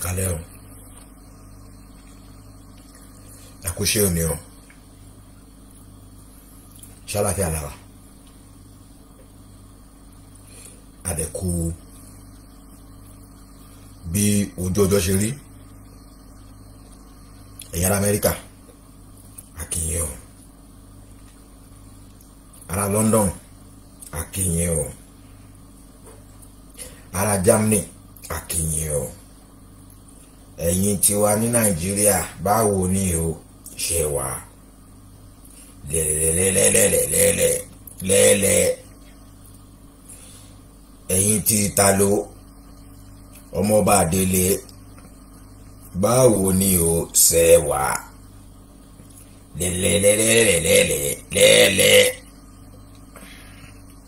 ìkálẹ́ o ẹ̀kúṣe òní o ṣàlàfíà lára àdẹ̀kù bí ojú ọjọ́ ṣe rí ẹ̀yà ara Amẹ́ríkà àkìyìn o ara London àkìyìn o ara Germany àkìyìn o ẹ̀yin tiwa ní nàìjíríà báwo ni o ṣe wà lẹ́lẹ́lẹ́lẹ́lẹ́lẹ́lẹ́ lẹ́lẹ́ ẹ̀yin ti ta ló ọmọọba àdélé báwo ni o ṣe wà lẹ́lẹ́lẹ́lẹ́lẹ́lẹ́ lẹ́lẹ́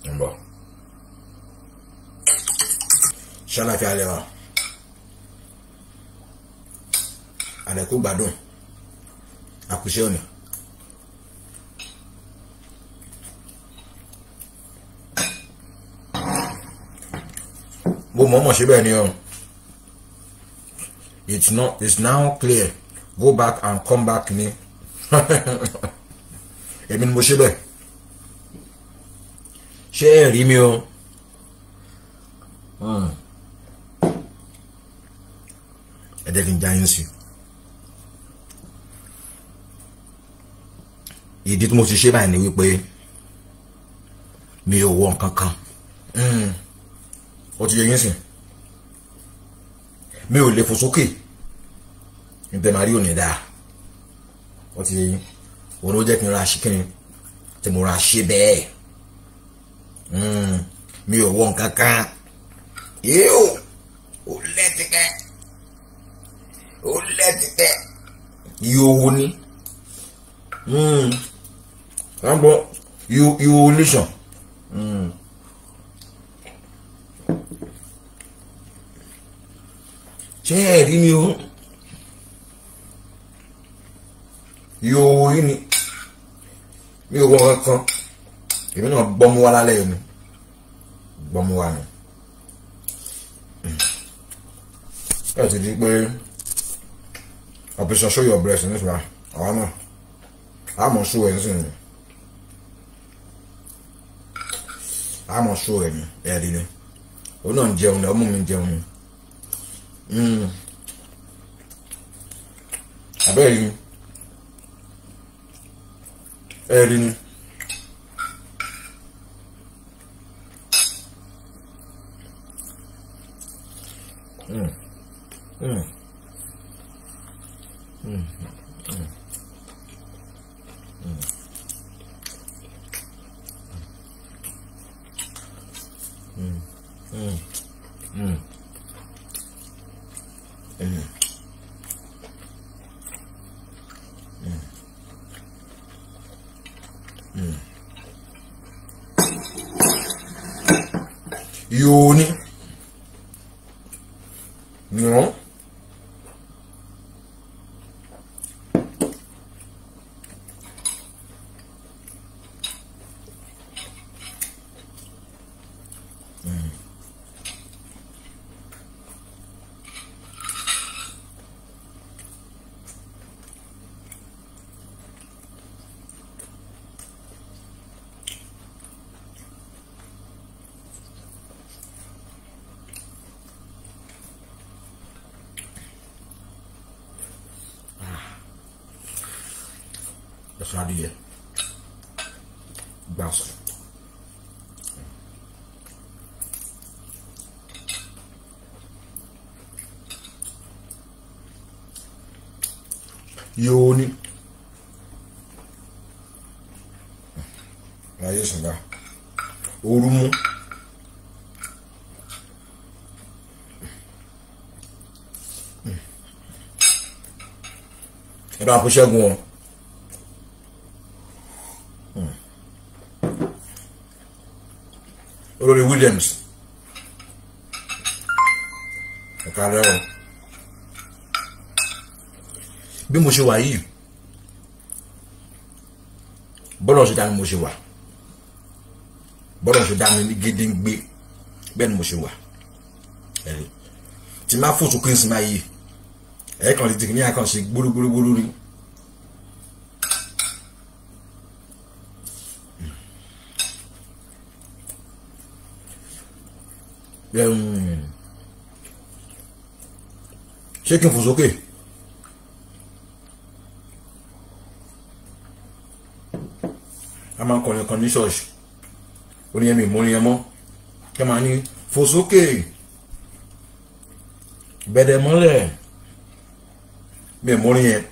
ń bọ̀ ṣọlá fi alẹ́ wa. àdẹ̀kú gbádùn àkùṣe òní. bó mọ̀ọ́mọ̀ ṣe ni o it's not it's now clear go back and come back ni èmi ni mo ṣe bẹ́ẹ̀ ṣé ẹ rí mi o hmm. ẹ jẹ́ kí ìdí tí mo ti ṣe báyìí ni wípé mi ò wọ nǹkan kan hmm. ó ti yẹ yín sìn mi ò lè fò sókè níbẹ̀ máa rí òní dáa ó ti yẹ yín òun ló jẹ́ kí n ra ṣíkìrì tí mo ra ṣe bẹ́ẹ̀ hmm. mi ò wọ nǹkan kan yíò ó lẹ́tìkẹ́ ó lẹ́tìkẹ́ yíò wo ni. Mm wọ́n you you listen. Mm. ṣé ẹ rí mi o yòówó yìí ni mi ò wọ́n kankan èmi náà gbọ́mú wa lálẹ́ yìí ni gbọ́mú wa ni ẹ ti di pé operation show your breast nípa àwa náà àmọ̀ sùn ẹ̀ ń sìn ni. àmọ́ ṣó ẹ̀ ní ẹ̀rí ni òun náà ń jẹun ni ọmú mi ń jẹun ni hmm. abẹ́rẹ́ ni ẹ̀rí ni. Mm. Mm. Mm. Mm. 음. 음. 음. 음. 음. 요니 Esradiye. Bas. Yoni. Ayé ṣùgbọ́n. Oru mú. Ẹ bá kó ṣẹ́gun wọn. James ọ̀kàrẹ́ o bí mo ṣe wà yìí bọ́lọ̀ ṣe dá mi mo ṣe wà bọ́lọ̀ ṣe dá mi ní gédéǹgbé bẹ́ẹ̀ ni mo ṣe wà ẹ̀rí tí má fòtò kí n sinmi ayé ẹ̀ kàn lè dìgbìyàn kan ṣe gbórógbórógbóró rí. ṣé kí n fò sókè. a máa ń kọrin kan ní ṣọ́ọ̀ṣì oníyẹn mi ìmúrin yẹn mọ́ kí a máa ní fò sókè bẹ̀rẹ̀ mọ́lẹ̀ mi ìmúrin yẹn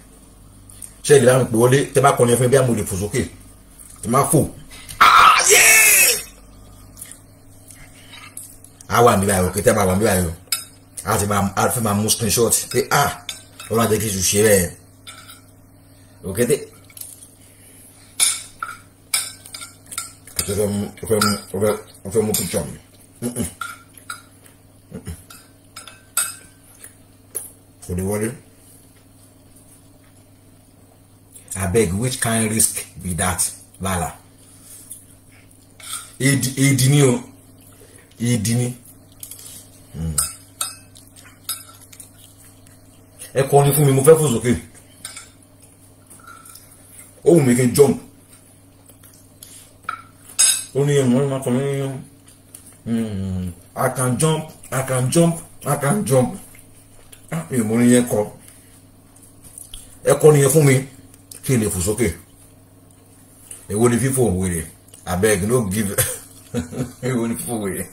ṣé ìdílé àwọn ìpè wọlé tẹ bá kọrin fún bí a mo lè fò sókè tẹ má fò á wà mí báyìí o kí tẹ́ bá wà mí báyìí o á ti máa fẹ́ máa mú screenshot pé ah ọlọ́run àjẹ́ kí n ṣe bẹ́ẹ̀ òkè tẹ́ àti ọfẹ́ mú ọfẹ́ mú ọfẹ́ ọfẹ́ mú picture mi kò abeg which kind risk be that lala èdè ni o ìdí ni hmm. ẹ kọrin fún mi mo fẹ́ fò sókè ó wù mí kí n jump ó ní ìwọ̀n ìwọ̀n kan ní hmm, I can jump I can jump I can jump èèmọ̀ ni yẹn kọ ẹ kọ nìyẹn fún mi kí n lè fò sókè èwo ni fífò wèrè abeg no give. Eu não fui.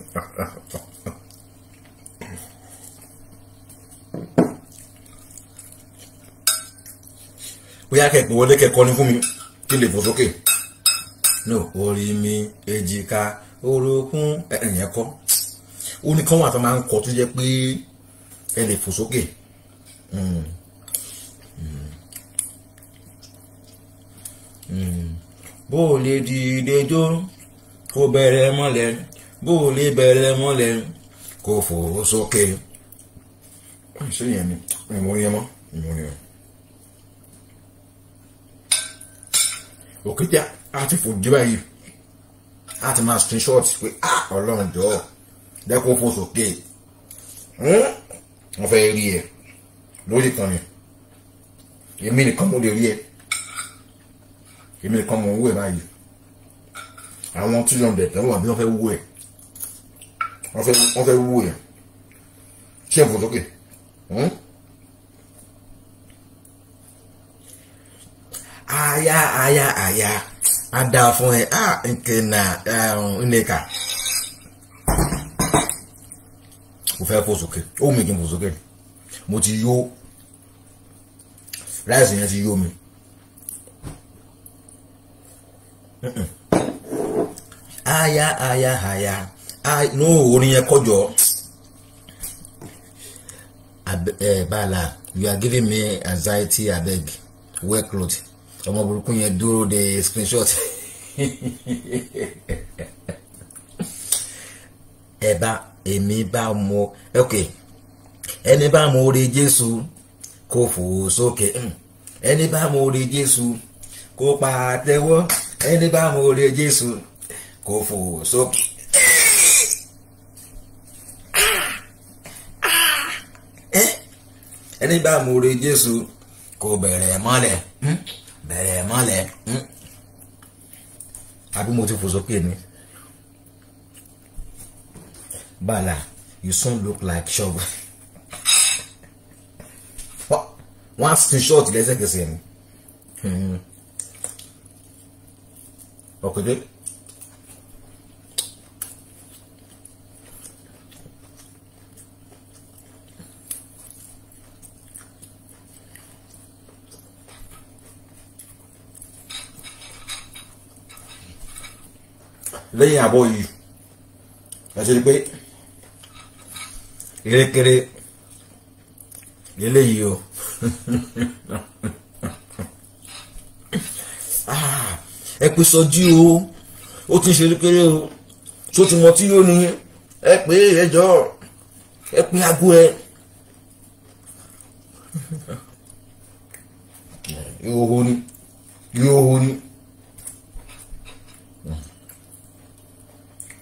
bóyá kẹ̀kọ́ wọlé kẹ̀kọ́ ni fún mi kí lè fò sókè. no orí mi èjìká orókún ẹ̀yìn kọ́ ó ní kán wà tó máa ń kọ́ tó jẹ́ pé ẹ lè fò sókè. Mm. Mm. Mm. bó o lè dìde ó bẹ̀rẹ̀ mọ́lẹ̀ bó o lè bẹ̀rẹ̀ mọ́lẹ̀ kó fò ó sókè. ṣé yẹn ni ìmọ̀ yẹn mọ́ ìmọ̀ yẹn. òkìjà á ti fò jí báyìí á ti máa screenshot pé á ọlọ́run jọ dẹ́kun fò sókè wọ́n hm? fẹ́ rí ẹ lórí kan ni èmi nìkan mo lè rí ẹ èmi nìkan mo ń wẹ̀ báyìí àwọn two hundred kan wà bí wọ́n fẹ́ wú ẹ̀ wọ́n fẹ́ wọ́n fẹ́ wú ẹ̀ ṣé nǹkan sókè hmm? aya aya aya a dáa fún ẹ a nke na um, nneka kò fẹ́ fò sókè ó mi kì í fò sókè mo ti yó ráìsì yẹn ti yó mi. Mm-mm aya aya aya no orin yẹn kọjọ bala you are giving me anxiety abeg workload ọmọ burúkú yẹn dúró de screenshot ẹ bá èmi bá mo ok ẹni bá mo rí Jésù kó fò sókè hmm. ẹni bá mo rí Jésù kó pàtẹ́wọ́ ẹni bá mo rí Jésù kó fò sókè. ẹni bá mo re Jésù kó bẹ̀rẹ̀ mọ́lẹ̀ hm, bẹ̀rẹ̀ mọ́lẹ̀ hm. àbí mo ti fò sókè ni. Bala you soon look like shovel. wọ́n á sin ṣọ́ọ̀tì lẹ́sẹ̀kẹsẹ̀ ni. Hm, ọkùnrin. lẹ́yìn àbọ̀ yìí ẹ̀sìn ni pé erékeré lélẹ́yìí o ah, ẹ pè sọjí o ó ti ń ṣe erékeré o tó ti mọ tí yóò ní ẹ é ẹjọ́ ẹ pé aago ẹ ìhòhò ni ìhòhò ni.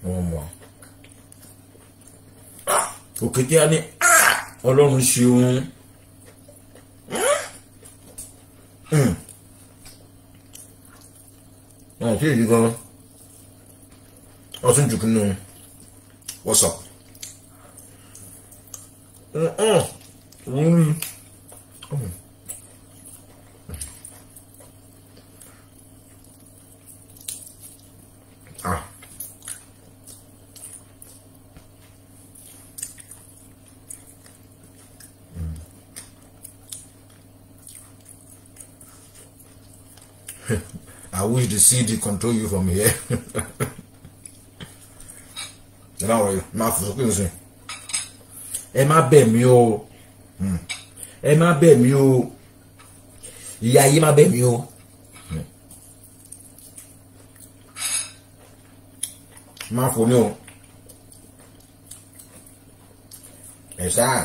어머. 그 그때 아니, 아! 얼른 쉬운. 응. 응. 어, 그래, 이거. 어선 죽겠노. 왔어. 어, 어. 음. I wish the CD control you from here. ẹ má wọlé má fò sókè nsìn ẹ má bẹ̀ mí o hmm. ẹ má bẹ̀ mí o ìyá yìí má bẹ̀ mí o. Hmm. má fò ní o ẹ sáà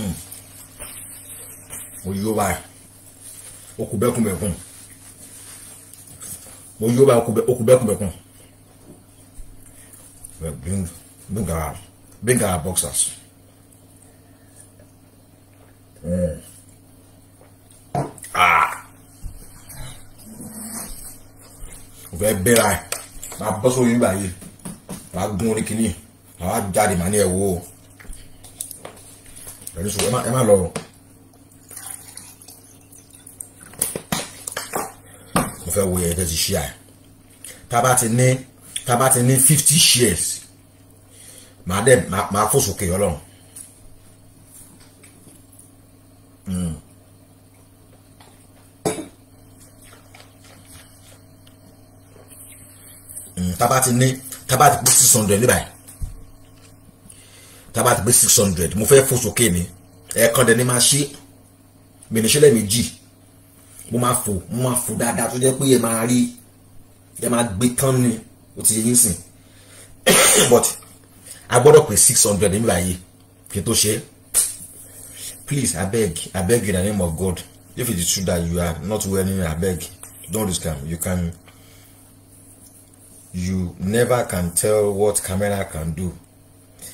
Hmm. mo yó báyìí ó kù bẹ́kùnbẹ̀kùn mo yó báyìí ó kù bẹ́kùnbẹ̀kùn bring bring our bring our boxers. Mm. Ah. Òfẹ́ bẹ́ra ẹ̀, máa bọ́ sórí nígbà yìí, máa gún orí kìíní, máa jáde màá ní ẹ̀wọ́ o pẹ̀lú sùn ẹ má lọ o mo fẹ́ wo yẹ kẹ́ ti share bá ti ní tá bá ti ní fifty shares màá dẹ̀ màá fò sókè ọlọ́run tá a bá ti ní tá a bá ti pín hmm. hmm, six hundred níbàyìí tábà ti gbé six hundred mo fẹ́ fò sókè ni ẹ̀ẹ̀kan dẹ̀ ni máa ṣe mi ní ṣẹlẹ̀ méjì mo máa fò mo máa fò dáadáa tó jẹ́ pé ẹ máa rí ẹ máa gbé tán ni o ti yẹ yín sìn but a gbọ́dọ̀ pé six hundred níbi ààyè kí n tó ṣe please abeg abeg in the name of God if it is true that you are not wearing abeg don't risk am you can you never can tell what camera can do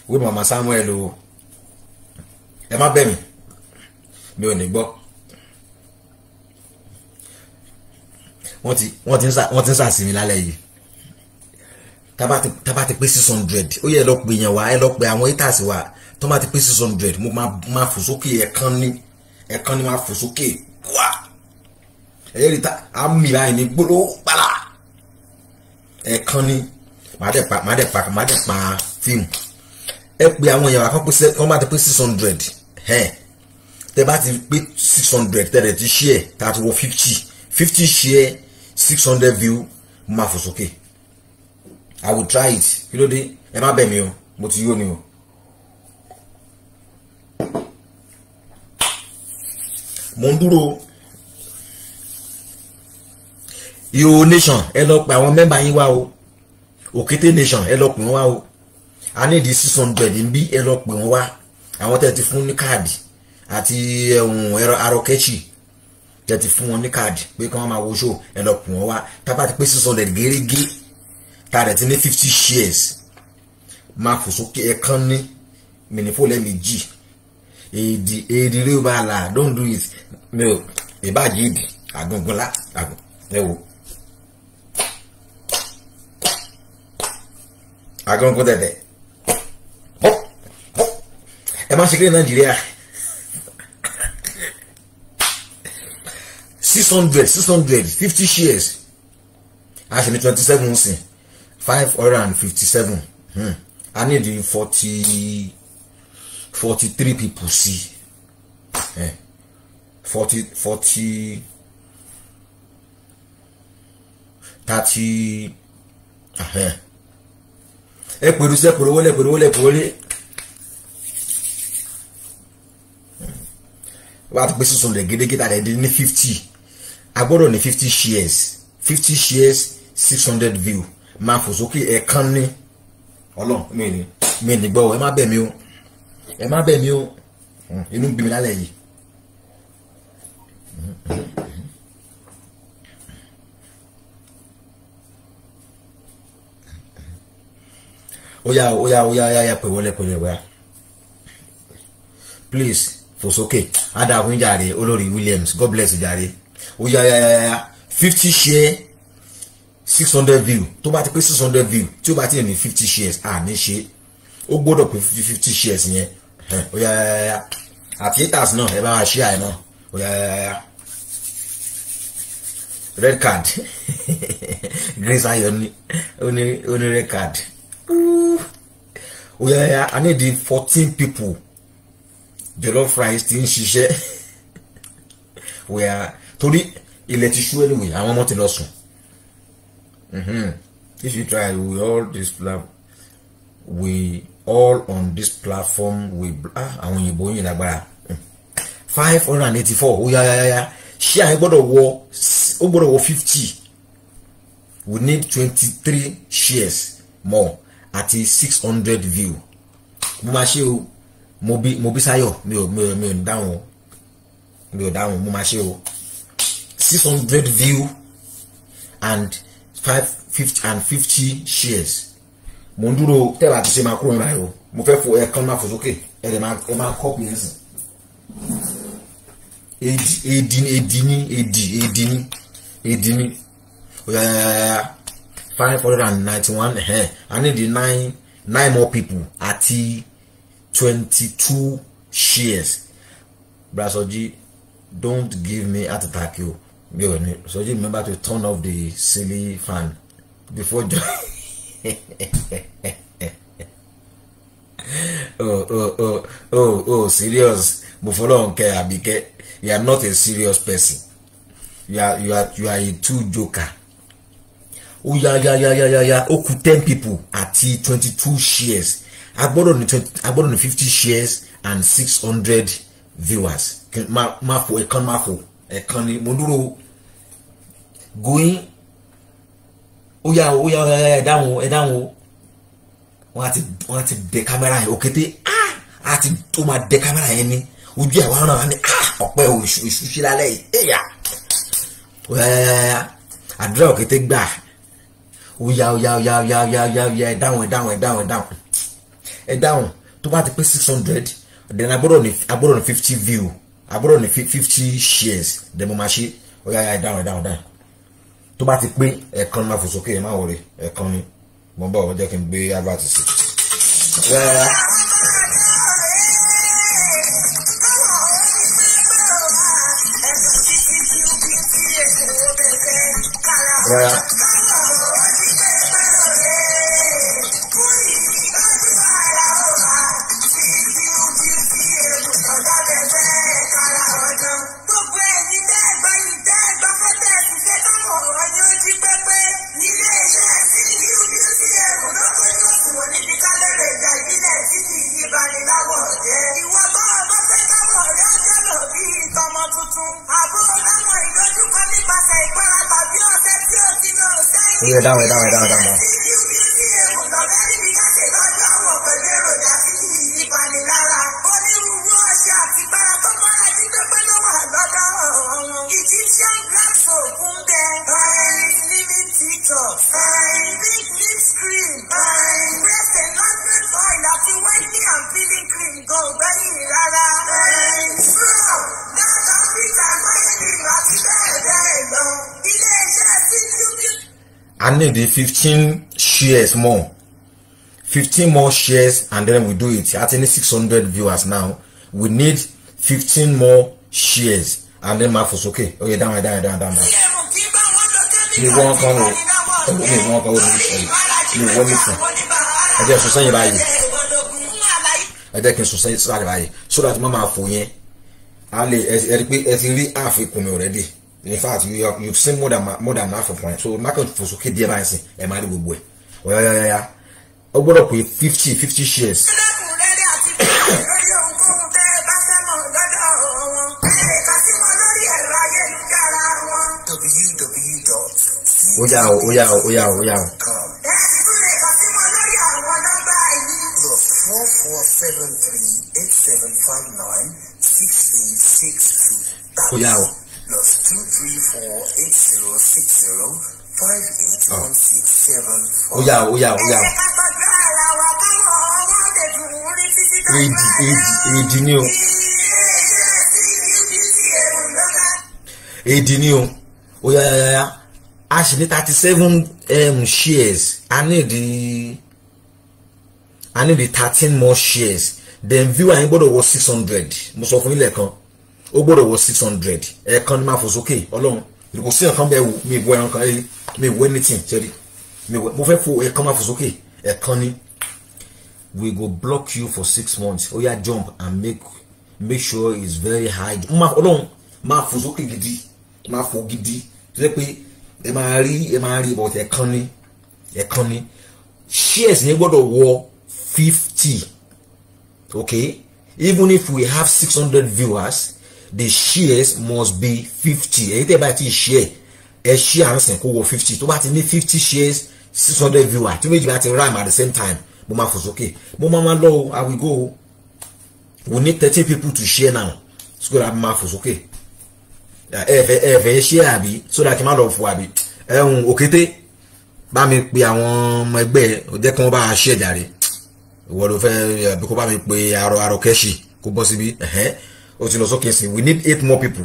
wí mama Samuel o ẹ má bẹ̀ mí mi ò ní gbọ́ wọ́n ti ń sàsìmí lálẹ́ yìí tábà ti pé six hundred ó yẹ ẹ lọ pè yẹn wá ẹ lọ àwọn haters wá tó bá ti pé six hundred mo máa fò sókè ẹ̀kan ní ẹ̀kan ní máa fò sókè wá ẹ̀yẹ́ rí ta á mì báyìí ní gbóló pàlà ẹ̀kan ní màá dẹ̀ pa màá dẹ̀ pa fíìmù ẹ pé àwọn èèyàn àkànpé wọ́n máa ti pé six hundred tẹ bá ti pé six hundred tẹ̀lé ti share tá a ti wọ fifty fifty share six hundred view máa fò sókè i will try it kí ló dé ẹ má bẹ̀ mí o mo ti yó ni o. mo ń dúró yo nation ẹ lọ pe àwọn mẹ́mbà yín wá o òkété nation ẹ lọ pè wọ́n wá o a ní ìdí six hundred ń bí ẹ lọ pè wọ́n wá àwọn tẹ́ ti fún ní káàdì àti ẹ̀hún arọ́kẹ́chì tẹ́ ti fún wọn ní káàdì pé kí wọ́n máa wo ẹ lọ pè wọ́n wá tábà ti pé six hundred gérégé ta rẹ̀ ti ní fifty shares máa fò sókè ẹ̀ kán ní mìnífò lẹ́ẹ̀mejì èdè èdè rí o bá la don't do it No, ò ìbàjẹ́ èdè àgùngùnlá àgùn ẹ wo. àgùngùn tẹ̀tẹ̀ ẹ má ṣe kéré nàìjíríà six hundred six hundred fifty shares a ṣe ní twenty seven sin five hundred and fifty seven hmm. a ní di forty forty three people sí eh. forty forty thirty eh, eh. ẹ pèrú sí ẹ pèrú wọlé pèrú wọlé pèrú wọlé. wá pé six hundred gédégédé àdé dín ní fifty a gbọ́dọ̀ ní fifty shares fifty shares six hundred view máa fò sókè ẹ̀ẹ̀kan ní ọlọ́run mi ní mi ní gbọ́ ẹ má bẹ̀ mí o ẹ má bẹ̀ mí o hmm, inú bí mi lálẹ́ yìí. ó yá ó yá ó yá ó please fò sókè adàkùn jàre olórí Williams God bless jàre ó yá yá yá yá fifty share six hundred view tó bá ti pé six hundred view tí ó bá ti ní fifty shares à ní ṣe ó gbọ́dọ̀ pé fifty fifty shares yẹn ó yá yá yá àti haters náà ẹ bá wa ṣe àìná ó yá yá yá red card Grace Ayo ní ó ní red card ó yá yá I need fourteen people jollof rice ti ń ṣiṣẹ́ wíwá torí ilẹ̀ ti ṣú ẹ̀lùwẹ̀ àwọn ọmọ ti lọ sùn mm-hmm. if you try we all this we all on this platform we ah. àwọn òyìnbó yìí lágbára mm. five hundred and eighty four ó oh, yá yá yá ṣé àyè gbọ́dọ̀ wọ ó gbọ́dọ̀ wọ fifty we need twenty three shares more àti six hundred view mo máa ṣe o mo bí mo bí sáyọ̀ mi ò mi ò mi ò ní dáhùn mi ò dáhùn mo máa ṣe o six hundred view and five fifty and fifty shares mo ń dúró tẹ́lá ti ṣe máa kúrò nígbà yìí o mo fẹ́ fo ẹ̀ẹ̀kan máa fò sókè ẹ̀ lè máa ẹ máa kọ́ pé ẹ̀sìn èdì èdì ni èdì èdì ni èdì ni yàyàyàyà five hundred and ninety one ẹ̀hẹ́n I need nine nine more people àti. 22 shares brother Soji don't give me heart attack o mi ò Soji remember to turn off the silly fan before joining oh oh oh oh oh serious bufolonke Abike you are not a serious person you are you are you are a true joker Oh, yá yá yá yá yá ó kù ten people àti twenty two shares agbọ́dọ̀ ní twenty agbọ́dọ̀ ní fifty shares and six hundred viewers máa fò ẹ̀kan máa fò ẹ̀kan ni mo dúró goyin ó yá ó yá ẹ dáhùn ẹ dáhùn wọn àti wọn àti dẹ kámẹ́rà yẹn òkété ah àti tó máa dẹ kámẹ́rà yẹn ni ojú ẹ̀ wá ràn án ni ah ọ̀pẹ òṣù èṣù ṣe lálẹ́ yìí ẹ̀yà ó yá yá yá àdúrà òkété gbà ó yá ó yá ó yá ó yá ó yá ẹ dáhùn ẹ dáhùn ẹ dáhùn ẹ dáhùn ẹ dáhùn tó bá ti pé six hundred then agbọ́dọ̀ ní agbọ́dọ̀ ní fifty view agbọ́dọ̀ ní fifty shares then mo máa ṣe ó yá ẹ dáhùn ẹ dáhùn dáhùn tó bá ti pé ẹ̀kan máa fò sókè ẹ̀ máa wọlé ẹ̀kan ni mo ń bọ̀ jẹ́ kí n gbé albert sí i. Yeah. 哪个大伟，大伟，大位？I need the 15 shares more 15 more shares and then we do it at any 600 viewers now we need 15 more shares and then my was okay okay down down down down down mi want kan o ẹlòmíì wọ́n kan want ní ìṣẹ̀lẹ̀ mi wọ́n mi fún ẹ jẹ́ sọ sẹ́yìn báyìí ẹ jẹ́ kí n sọ so that mo máa fò yẹn a lè ẹ rí pé ẹ ti rí already in fact you have you seen more than more than half of one so market for sókè díẹ̀ báyìí sìn ẹ̀ máa gbogbo ẹ̀ ọ̀yáyáyá ó gbọ́dọ̀ pé fifty fifty shares. ó yá o ó yá o ó yá o ó yá o. four four seven three eight seven five nine six eight six two. ó two three four eight zero six zero five eight one six seven four. oya oya oya. èdì èdì èdì ni o. èdì ni o oya ya ya ya a sì ní thirty seven um, shares a ní ìdí a ní ìdí thirteen more shares then viewer yín gbọ́dọ̀ wọ six hundred mo sọ fún yín lẹ́ẹ̀kan ó gbọ́dọ̀ wọ six hundred ẹ̀ẹ̀kan ní máa fò sókè ọlọ́run kò sí ẹ̀ẹ̀kan bẹ́ẹ̀ wò mí wọ ẹran kan ẹ̀ eh, mí wọ anything ṣẹ́rí mo fẹ́ fò ẹ̀ẹ̀kan máa fò sókè ẹ̀ẹ̀kan ní we go block you for six months ó yá jump and make make sure it's very high ọlọ́run máa fò sókè gidi máa fò gidi tó yẹ pé ẹ máa rí ẹ máa rí but ẹ̀ẹ̀kan ní ẹ̀ẹ̀kan ní shares yẹn gbọ́dọ̀ wọ fifty okay even if we have six hundred viewers the shares must be fifty èyí tẹ́ bá ti share ẹ share àrùnsìn kó wọ fifty tó bá ti ní fifty shares six hundred viewer tí méjì bá ti ram at the same time mo máa fò sókè mo máa máa lọ o i will go o we need thirty people to share now so that máa fò sókè ẹ̀fẹ̀ ẹ̀fẹ̀ share àbí so that kí n má lọ fò àbí ẹ̀hún òkété bá mi pe àwọn ọmọ ẹgbẹ́ jẹ́ kí wọ́n bá a share jàre ìwọ ló fẹ́ bí kò bá mi pe arọ arọ kẹ́ṣì kó bọ́ síbí ẹ̀hẹ́ o ti lọ sókè sí we need eight more people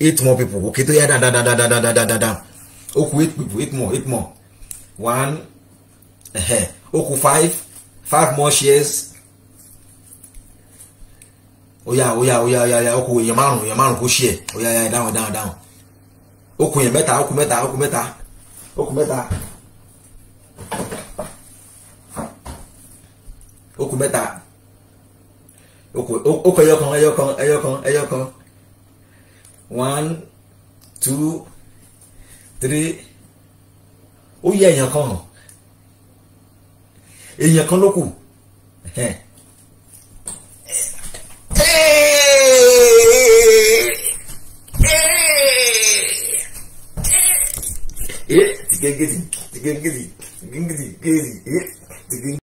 eight more people Okay, da da da da da da da da ó kù eight people eight more eight more one ó kù five five more shares oya oya oya oya oya ó kù èèyàn márùn èèyàn márùn kó ṣe ẹ oya oya dáhùn down, down, ó kù èèyàn mẹ́ta ó kù mẹ́ta ó kù mẹ́ta ó kù mẹ́ta ó kù mẹ́ta ó kọ ẹyọkan ẹyọkan ẹyọkan ẹyọkan one two three ó yẹ èèyàn kan hàn èèyàn kan ló kù eh, eh, eh, tigengedi tigengedi tigengedi tigengedi tigengedi.